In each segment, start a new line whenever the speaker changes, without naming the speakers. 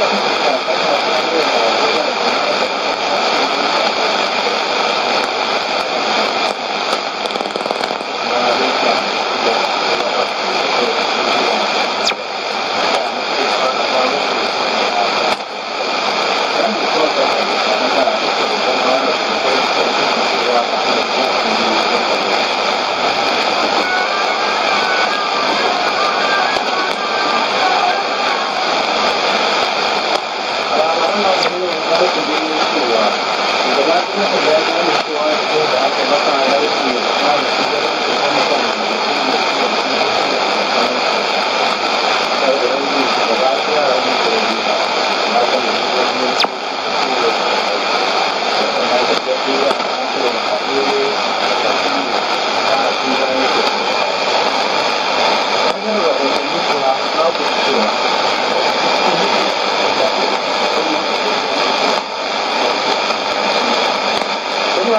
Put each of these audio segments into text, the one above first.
Thank you. cewa shugaba kuma da ya da cewa da aka masa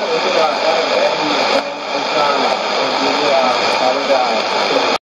Muito obrigado.